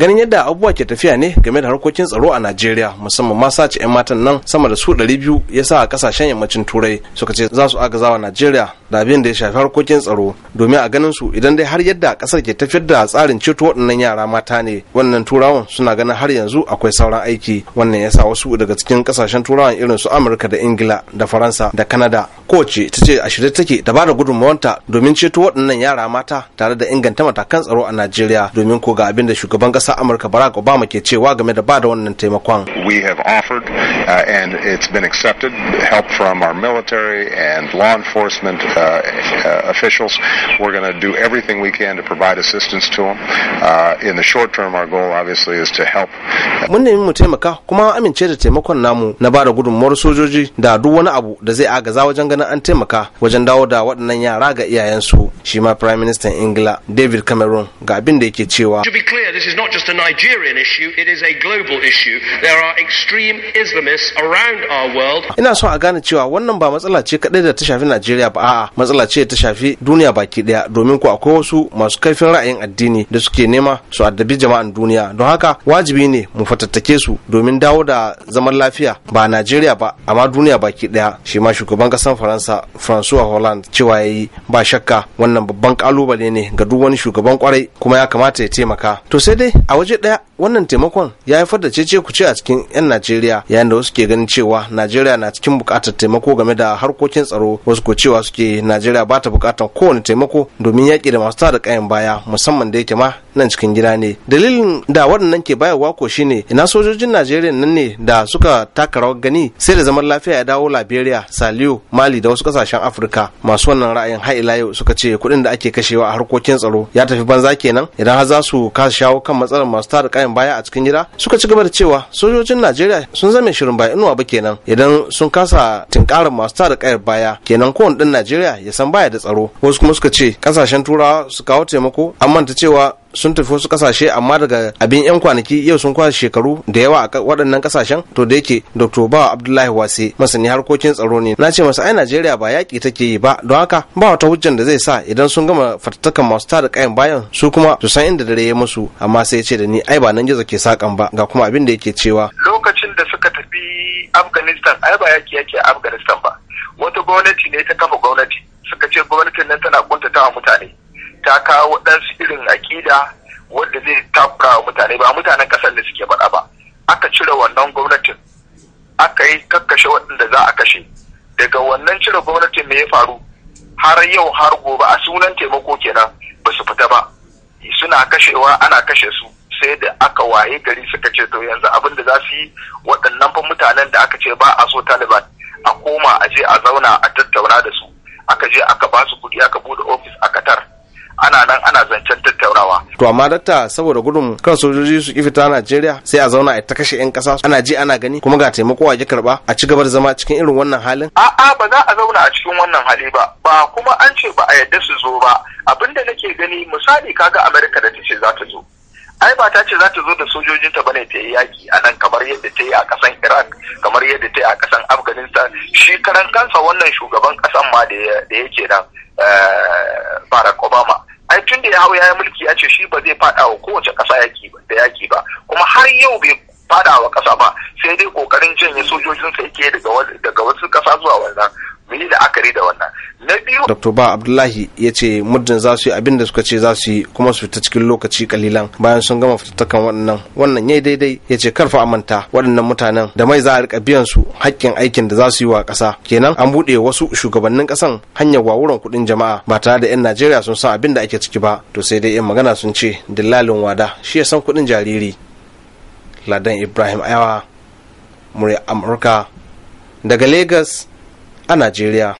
ganin yadda abubuwa ke tafiya ne game da harkokin tsaro a najeriya musamman ma sace 'yan matan nan sama da su 200 ya sa a kasashen yammacin turai suka ce za su agazawa najeriya da abin da ya shafi harkokin tsaro domin a ganin su idan dai har yadda kasar ke tafiyar da tsarin ceto waɗannan yara mata ne wannan turawan suna ganin har yanzu akwai sauran aiki wannan yasa wasu daga cikin kasashen turawan irin su amurka da ingila da faransa da kanada kowace ta ce a shirye take da bada gudunmawanta domin ceto waɗannan yara mata tare da inganta matakan tsaro a najeriya domin ko ga abin da shugaban ƙasar amurka barack obama ke cewa game da bada wannan taimakon we have offered uh, and it's been accepted help from our military and law enforcement Uh, uh, officials. We're going to do everything we can to provide assistance to them. Uh, in the short term, our goal obviously is to help. Mun nemi mu taimaka kuma amince da taimakon namu na bada gudunmuwar sojoji da duk wani abu da zai agaza wajen ganin an taimaka wajen dawo da waɗannan yara ga iyayensu. Shi ma Prime Minister Ingila David Cameron ga abin da yake cewa. To be clear, this is not just a Nigerian issue, it is a global issue. There are extreme Islamists around our world. Ina so a gane cewa wannan ba matsala ce kaɗai da ta shafi Najeriya ba a'a matsala ce ta shafi duniya baki daya domin ko akwai wasu masu kaifin ra'ayin addini da suke nema su addabi jama'an duniya don haka wajibi ne mu fatattake su domin dawo da zaman lafiya ba a Najeriya ba amma duniya baki daya shi ma shugaban kasan Faransa François holland cewa ya yi ba shakka wannan babban kalubale ne ga duk wani shugaban kwarai kuma ya kamata ya taimaka to sai dai a waje daya wannan taimakon ya haifar da cece ku ce a cikin 'yan Najeriya yayin da wasu ke ganin cewa Najeriya na cikin bukatar taimako game da harkokin tsaro wasu ko cewa suke najeriya ba ta bukatar kowane taimako domin yaƙi da masu tada kayan baya musamman da yake ma nan cikin gida ne dalilin da waɗannan ke bayarwa ko shine ina sojojin najeriya nan ne da suka taka rawar gani sai da zaman lafiya ya dawo liberia saliyo mali da wasu kasashen afirka masu wannan ra'ayin har ila yau suka ce kuɗin da ake kashewa a harkokin tsaro ya tafi banza kenan idan har za su kasa shawo kan matsalar masu tada kayan baya a cikin gida suka ci gaba da cewa sojojin najeriya sun zame shirin ba inuwa ba kenan idan sun kasa tinkarin masu tada kayan baya kenan kowane ɗan najeriya Najeriya ya san baya da tsaro wasu kuma suka ce kasashen turawa su kawo taimako an manta cewa sun tafi wasu kasashe amma daga abin yan kwanaki yau sun kwashe shekaru da yawa a waɗannan kasashen to da yake dr bawa abdullahi wase masani harkokin tsaro ne na ce masa ai najeriya ba yaƙi take yi ba don haka ba wata hujjan da zai sa idan sun gama fatattakan masu tada kayan bayan su kuma su san inda dare ya musu amma sai ya ce da ni ai ba nan gizo ke sakan ba ga kuma abin da yake cewa lokacin da suka tafi afghanistan ai ba yaƙi yake afghanistan ba wata gwamnati ne ta kafa gwamnati ta kawo waɗansu irin akida wanda zai tafka mutane ba mutanen ƙasar da suke faɗa ba aka cire wannan gwamnatin aka yi kakkashe waɗanda za a kashe daga wannan cire gwamnatin me ya faru har yau har gobe a sunan taimako kenan ba su fita ba suna kashewa ana kashe su sai da aka waye gari suka ce to yanzu abin da za su yi waɗannan fa mutanen da aka ce ba a so taliban a koma a je a zauna a tattauna da su aka je aka ba su kuɗi aka bude ana nan ana zancen tattaunawa. To amma datta saboda gudun kan sojoji su ki fita Najeriya sai a zauna a ta kashe 'yan kasa ana ji ana gani kuma ga taimako a karba a ci gaba da zama cikin irin wannan halin. A'a ba za a zauna a cikin wannan hali ba ba kuma an ce ba a yadda su zo ba Abin abinda nake gani misali kaga Amurka da ta ce za ta zo. ai ba ta ce za ta zo da sojojinta bane ta yi yaki a nan kamar yadda ta yi a kasan iraq kamar yadda ta yi a ƙasan afghanistan shi karan kansa wannan shugaban kasan ma da yake nan eh, barack obama ai tun da ya hau ya mulki ya ce shi ba zai fada wa kowace ƙasa yaki da yaki ba kuma har yau bai fada wa ƙasa ba sai dai kokarin janye sojojinsa yake daga wasu ƙasa zuwa wannan mu yi akari da wannan Dr. Ba Abdullahi ya ce muddin za su yi abin da suka ce za su yi kuma su fita cikin lokaci kalilan bayan sun gama fitattakan waɗannan wannan yi daidai ya ce karfa amanta waɗannan mutanen da mai za a rika biyan su hakkin aikin da za su yi wa ƙasa kenan an buɗe wasu shugabannin ƙasan hanyar wawuran kuɗin jama'a ba tare da 'yan Najeriya sun san abin da ake ciki ba to sai dai 'yan magana sun ce dillalin wada shi ya san kuɗin jariri. Ladan Ibrahim Ayawa, Murya Amurka, daga Legas a Najeriya.